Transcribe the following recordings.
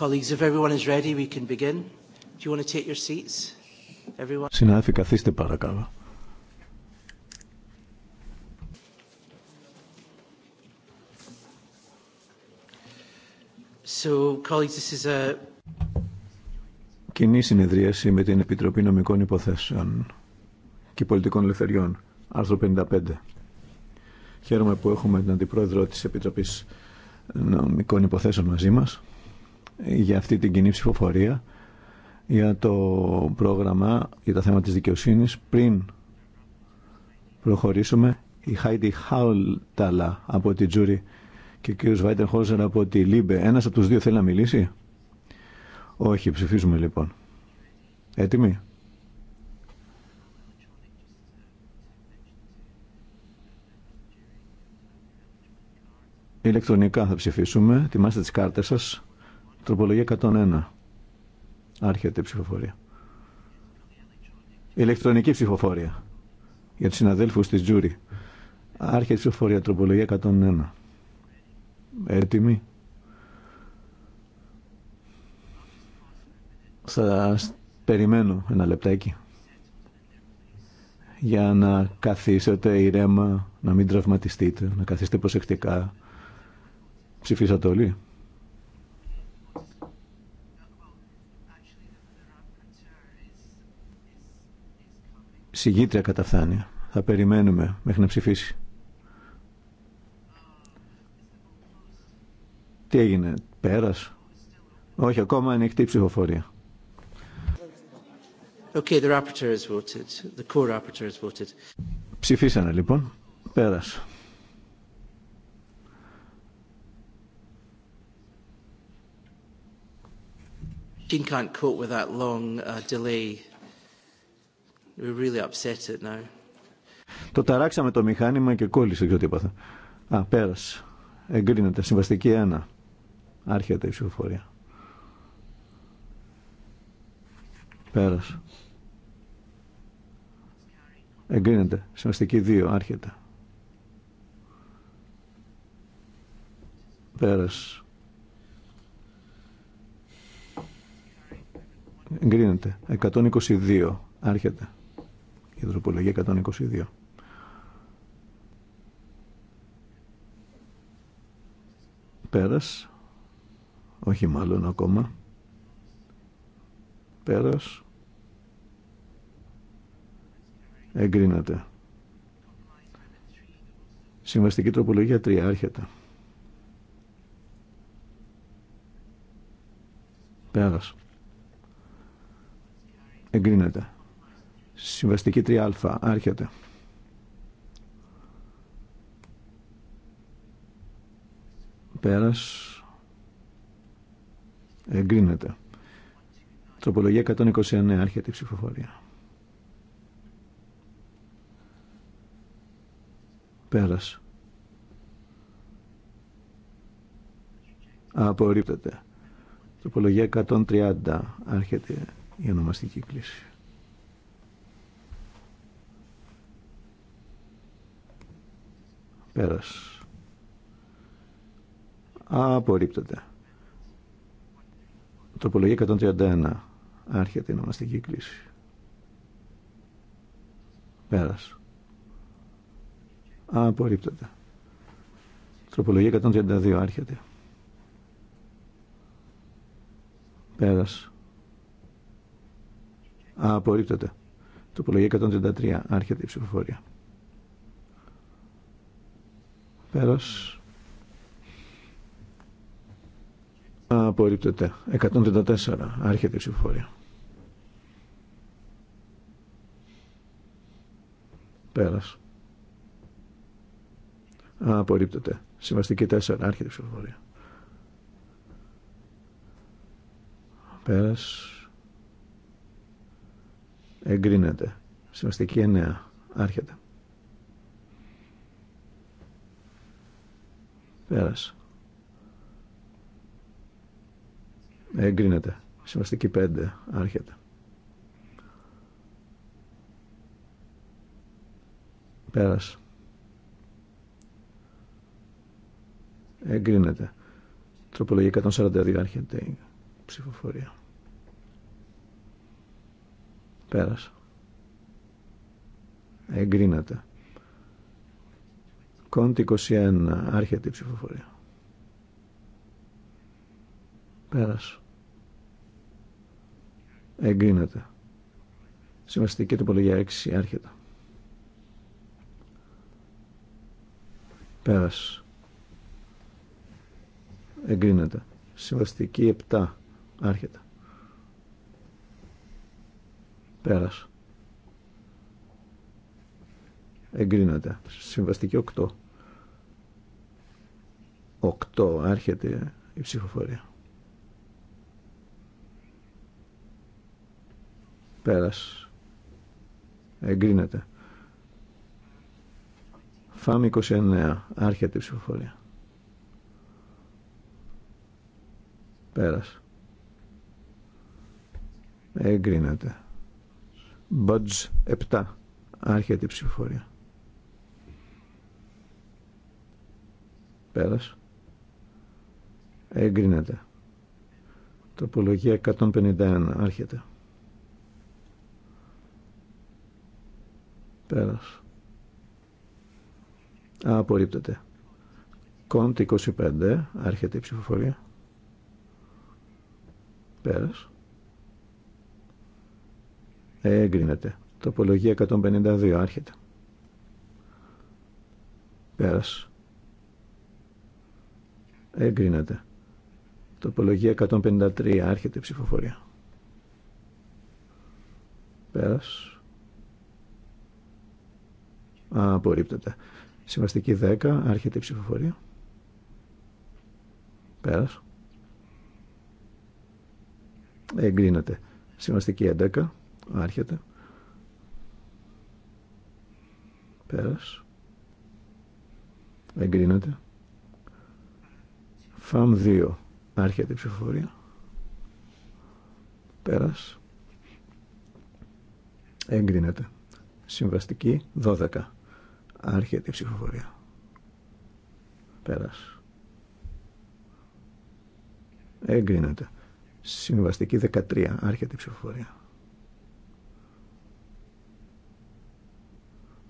Colleagues, if everyone is ready, we can begin. Do you want to take your seats? Everyone. Συνάδελφοι, καθίστε παρακαλώ. So, colleagues, this is a... Κοινή συνεδρίαση με την Επιτροπή Νομικών Υποθέσεων και Πολιτικών Ελευθεριών, άρθρο 55. Χαίρομαι που έχουμε την Αντιπρόεδρο της Επιτροπής Νομικών Υποθέσεων μαζί μας για αυτή την κοινή ψηφοφορία για το πρόγραμμα για τα θέματα της δικαιοσύνης πριν προχωρήσουμε η Χάιντι Χάουλταλα από τη Τζούρι και ο κ. Βάιτερ Χόζερ από τη Λίμπε. Ένας από τους δύο θέλει να μιλήσει. Όχι, ψηφίζουμε λοιπόν. Έτοιμοι. Ηλεκτρονικά θα ψηφίσουμε. ετοιμάστε τις κάρτες σας. Τροπολογία 101. Άρχεται η ψηφοφορία. Ηλεκτρονική ψηφοφορία. Για τους συναδέλφους της Τζούρι. Άρχεται η ψηφοφορία. Τροπολογία 101. Έτοιμοι. Θα περιμένω ένα λεπτάκι για να καθίσετε ηρέμα, να μην τραυματιστείτε, να καθίσετε προσεκτικά. Ψηφίσατε όλοι. Συγγήτρια καταφθάνεια. Θα περιμένουμε μέχρι να ψηφίσει. Τι έγινε, πέρας. Όχι, ακόμα ανοιχτή ψηφοφορία. Okay, the rapporteur has voted. The co-rapporteur has voted. Ψηφίσανε λοιπόν. Πέρας. Jean can't cope with that long uh, delay really upset now. Το ταράξαμε το μηχάνημα και κόλλησε και είπα. Α, πέρασε. Εγκρίνεται. Συμβαστική 1. Άρχεται η ψηφοφορία. Πέρασε. Εγκρίνεται. Συμβαστική 2. Άρχεται. Πέρασε. Εγκρίνεται. 122. Άρχεται. Η 122. Πέρας. Όχι μάλλον ακόμα. Πέρας. Εγκρίνεται. Συμβαστική τροπολογία 3. Άρχεται. Πέρας. Εγκρίνεται. Συμβαστική 3α. Άρχεται. Πέρας. Εγκρίνεται. Τροπολογία 129. Άρχεται η ψηφοφορία. Πέρας. Απορρίπτεται. Τροπολογία 130. Άρχεται η ονομαστική κλίση. Πέρας. Απορρίπτεται. Τροπολογία 131. Άρχεται η νομαστική κλίση. Πέρας. Απορρίπτεται. Τροπολογία 132. Άρχεται. Πέρας. Απορρίπτεται. Τροπολογία 133. Άρχεται η ψηφοφορία. Πέρας. Απορρίπτεται. 134. Άρχεται η ψηφοφορία. Πέρας. Απορρίπτεται. Συμβαστική 4. Άρχεται η ψηφοφορία. Πέρας. Εγκρίνεται. Συμβαστική 9. Άρχεται. Πέρασε. Εγκρίνεται. Συμβαστική πέντε. Άρχεται. Πέρας. Εγκρίνεται. Τροπολογία 142. Άρχεται η ψηφοφορία. Πέρας. Εγκρίνεται. Κόντ 21. Άρχεται η ψηφοφορία. Πέρας. Εγκρίνεται. Συμβαστική τοπολογία 6. Άρχεται. Πέρας. Εγκρίνεται. Συμβαστική 7. Άρχεται. Πέρας. Εγκρίνεται. Συμβαστική 8. 8 άρχεται η ψηφοφορία. Πέρας. Εγκρίνεται. ΦΑΜ 29 άρχεται η ψηφοφορία. Πέρας. Εγκρίνεται. Μπατζ 7 άρχεται η ψηφοφορία. Πέρας. Εγκρίνεται. Τοπολογία 151. Άρχεται. Πέρας. Α, απορρίπτεται. Κόντ 25. Άρχεται η ψηφοφορία. Πέρας. Εγκρίνεται. Τοπολογία 152. Άρχεται. Πέρας. Εγκρίνεται. Τοπολογία 153. Άρχεται η ψηφοφορία. Πέρας. Α, απορρίπτεται. Συμβαστική 10. Άρχεται η ψηφοφορία. Πέρας. Εγκρίνεται. Συμβαστική 11. Άρχεται. Πέρας. Εγκρίνεται. ΦΑΜ 2. Άρχεται η ψηφοφορία. Πέρας. Εγκρίνεται. Συμβαστική 12. Άρχεται η ψηφοφορία. Πέρας. Εγκρίνεται. Συμβαστική 13. Άρχεται η ψηφοφορία.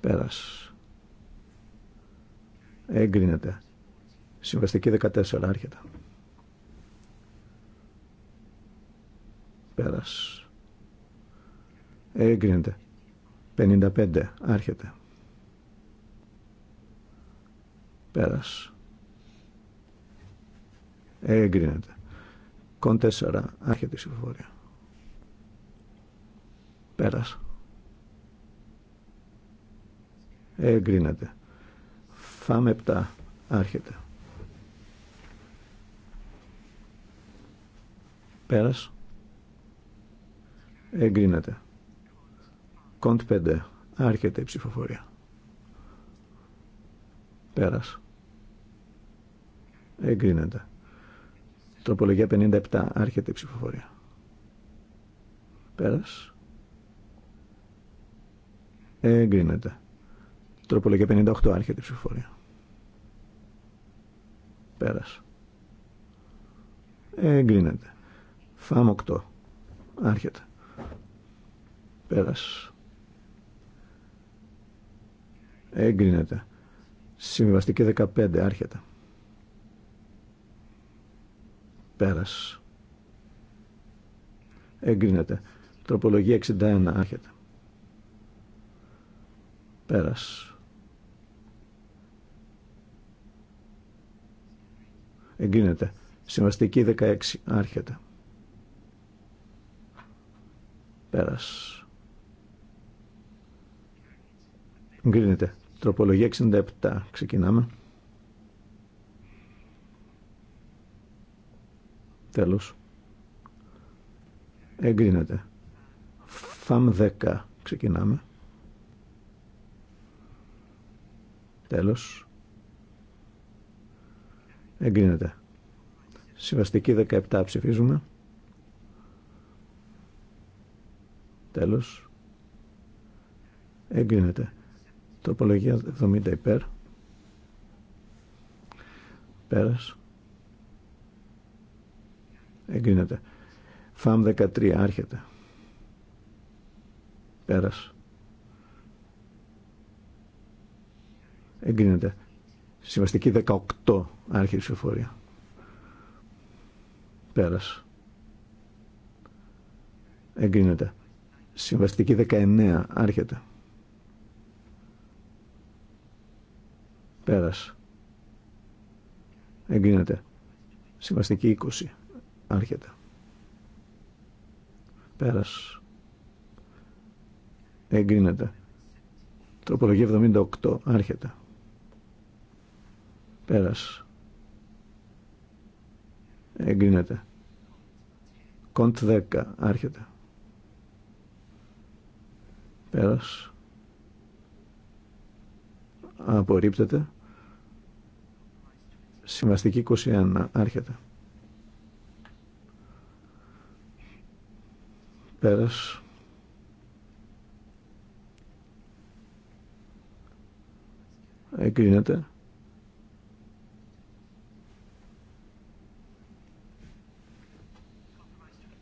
Πέρας. Εγκρίνεται. Συμβαστική 14. Άρχεται. Πέρας. Έγκρινεται. 55. Άρχεται. Πέρας. Έγκρινεται. Κον 4. Άρχεται η συμφορία. Πέρας. Έγκρινεται. Φάμε 7. Άρχεται. Πέρας. Εγκρίνεται. Κοντ 5. Άρχεται η ψηφοφορία. Πέρας. Εγκρίνεται. Τροπολογία 57. Άρχεται η ψηφοφορία. Πέρας. Εγκρίνεται. Τροπολογία 58. Άρχεται η ψηφοφορία. Πέρας. Εγκρίνεται. ΦΑΜ 8. Άρχεται. Πέρας. Έγκρινεται. Συμβιβαστική 15. Άρχεται. Πέρας. Έγκρινεται. Τροπολογία 61. Άρχεται. Πέρας. Εγκρίνεται. Συμβαστική 16. Άρχεται. Πέρας. Εγκρίνεται. Τροπολογία 67. Ξεκινάμε. Τέλος. Εγκρίνεται. ΦΑΜ 10. Ξεκινάμε. Τέλος. Εγκρίνεται. Συμβαστική 17 ψηφίζουμε. Τέλος. Εγκρίνεται. Τοπολογία 70 υπέρ. Πέρας. Εγκρίνεται. ΦΑΜ 13 άρχεται. Πέρας. Εγκρίνεται. Συμβαστική 18 η ψηφοφορία. Πέρας. Εγκρίνεται. Συμβαστική 19 άρχεται. Πέρας. Εγκρίνεται. Συμβαστική 20. Άρχεται. Πέρας. Εγκρίνεται. Τροπολογία 78. Άρχεται. Πέρας. Εγκρίνεται. Κοντ 10. Άρχεται. Πέρας. Απορρίπτεται. Συμβαστική 21. Άρχεται. Πέρας. Εγκρίνεται.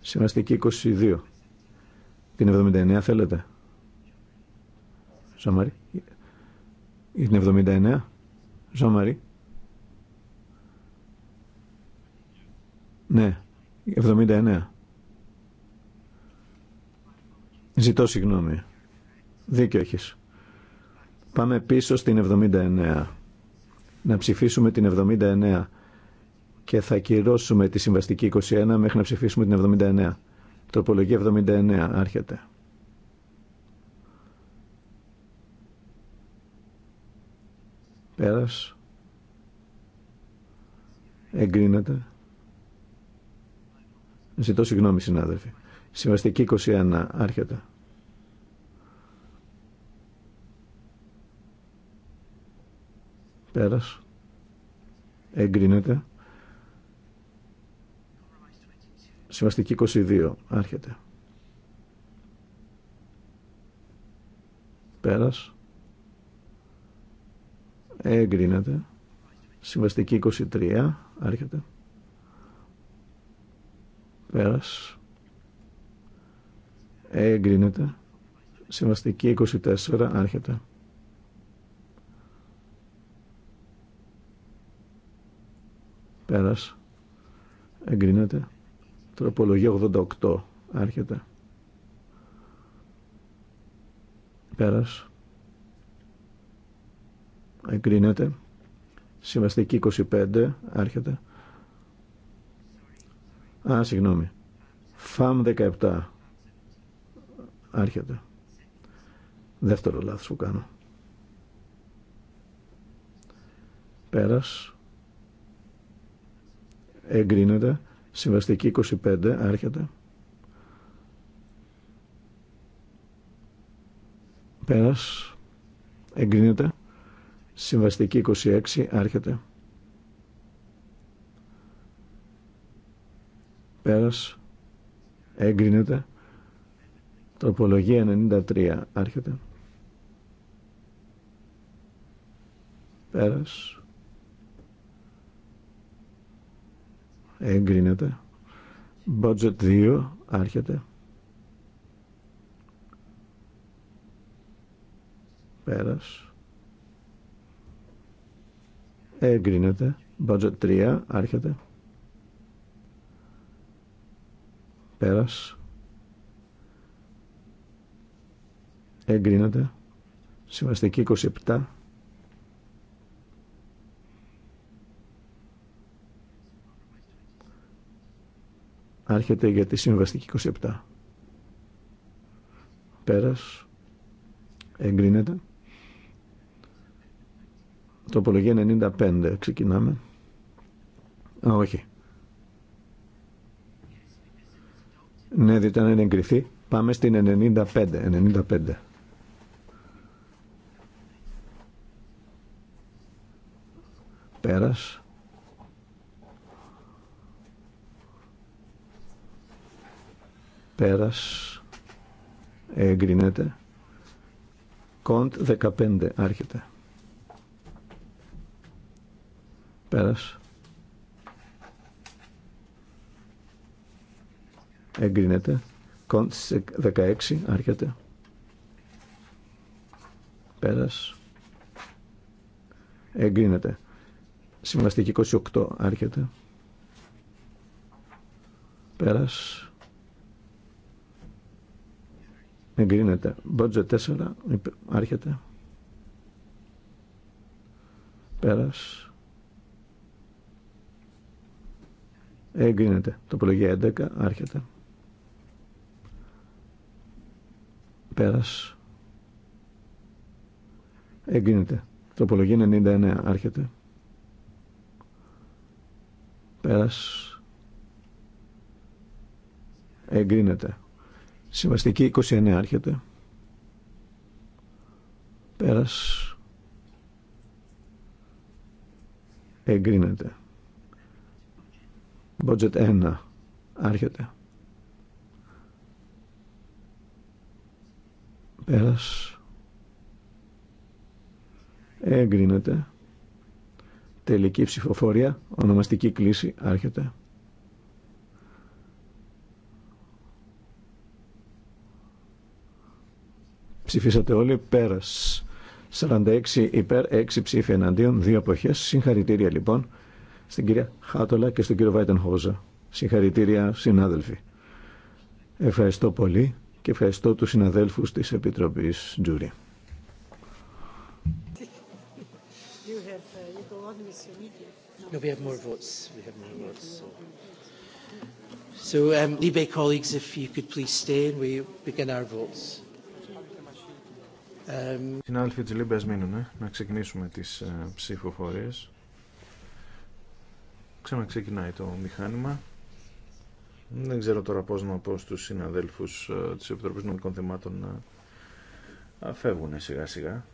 Συμβαστική 22. Την 79 θέλετε. Ζαμαρή. Την 79. Ζαμαρή. Ναι, 79. Ζητώ συγγνώμη. Δίκιο έχεις. Πάμε πίσω στην 79. Να ψηφίσουμε την 79 και θα κυρώσουμε τη συμβαστική 21 μέχρι να ψηφίσουμε την 79. Τροπολογία 79 άρχεται. Πέρας. Εγκρίνεται. Ζητώ συγγνώμη συνάδελφοι. Συμβαστική 21 άρχεται. Πέρας. Εγκρίνεται. Συμβαστική 22 άρχεται. Πέρας. Εγκρίνεται. Συμβαστική 23 άρχεται. Πέρας. Ε, εγκρίνεται. Συμβαστική 24. Άρχεται. Πέρας. Εγκρίνεται. Τροπολογία 88. Άρχεται. Πέρας. Εγκρίνεται. Συμβαστική 25. Άρχεται. Α, συγγνώμη. ΦΑΜ 17. Άρχεται. Δεύτερο λάθος που κάνω. Πέρας. Εγκρίνεται. Συμβαστική 25. Άρχεται. Πέρας. Εγκρίνεται. Συμβαστική 26. Άρχεται. Πέρας. Εγκρίνεται. Τροπολογία 93. Άρχεται. Πέρας. Εγκρίνεται. Budget 2. Άρχεται. Πέρας. Εγκρίνεται. Budget 3. Άρχεται. Πέρας. Εγκρίνεται. Συμβαστική 27. Άρχεται για τη συμβαστική 27. Πέρας. Εγκρίνεται. Τοπολογία 95. Ξεκινάμε. Α, όχι. Ναι, διότι αν είναι εγκριθεί, πάμε στην 95. 95. Πέρας. Πέρας. Εγκρινέται. Κοντ 15 άρχεται. Πέρας. εγκρίνεται. Κοντ 16 άρχεται. Πέρας. Εγκρίνεται. Συμβαστική 28 άρχεται. Πέρας. Εγκρίνεται. Μπότζε 4 άρχεται. Πέρας. Εγκρίνεται. Τοπολογία 11 άρχεται. Πέρας. Εγκρίνεται. Τροπολογία 99. Άρχεται. Πέρας. Εγκρίνεται. Συμβαστική 29. Άρχεται. Πέρας. Εγκρίνεται. Budget 1. Άρχεται. Πέρας. Εγκρίνεται. Τελική ψηφοφορία. Ονομαστική κλίση. Άρχεται. Ψηφίσατε όλοι. Πέρας. 46 υπέρ, 6 ψήφια εναντίον, Δύο αποχές. Συγχαρητήρια λοιπόν στην κυρία Χάτολα και στον κύριο Βάιτεν Χόζα. Συγχαρητήρια συνάδελφοι. Ευχαριστώ πολύ και ευχαριστώ τους συναδέλφους της Επιτροπής Τζούρι. No, we have more votes. We have more votes. So, um, Libe colleagues, if you could please stay and we begin our votes. Um... Συνάδελφοι της Λίμπε, μείνουν, ε, να ξεκινήσουμε τις ε, ψηφοφορίες. Ξαναξεκινάει το μηχάνημα. Δεν ξέρω τώρα πώς να πω στους συναδέλφους ε, της Επιτροπής Νομικών Θεμάτων να φεύγουν σιγά σιγά.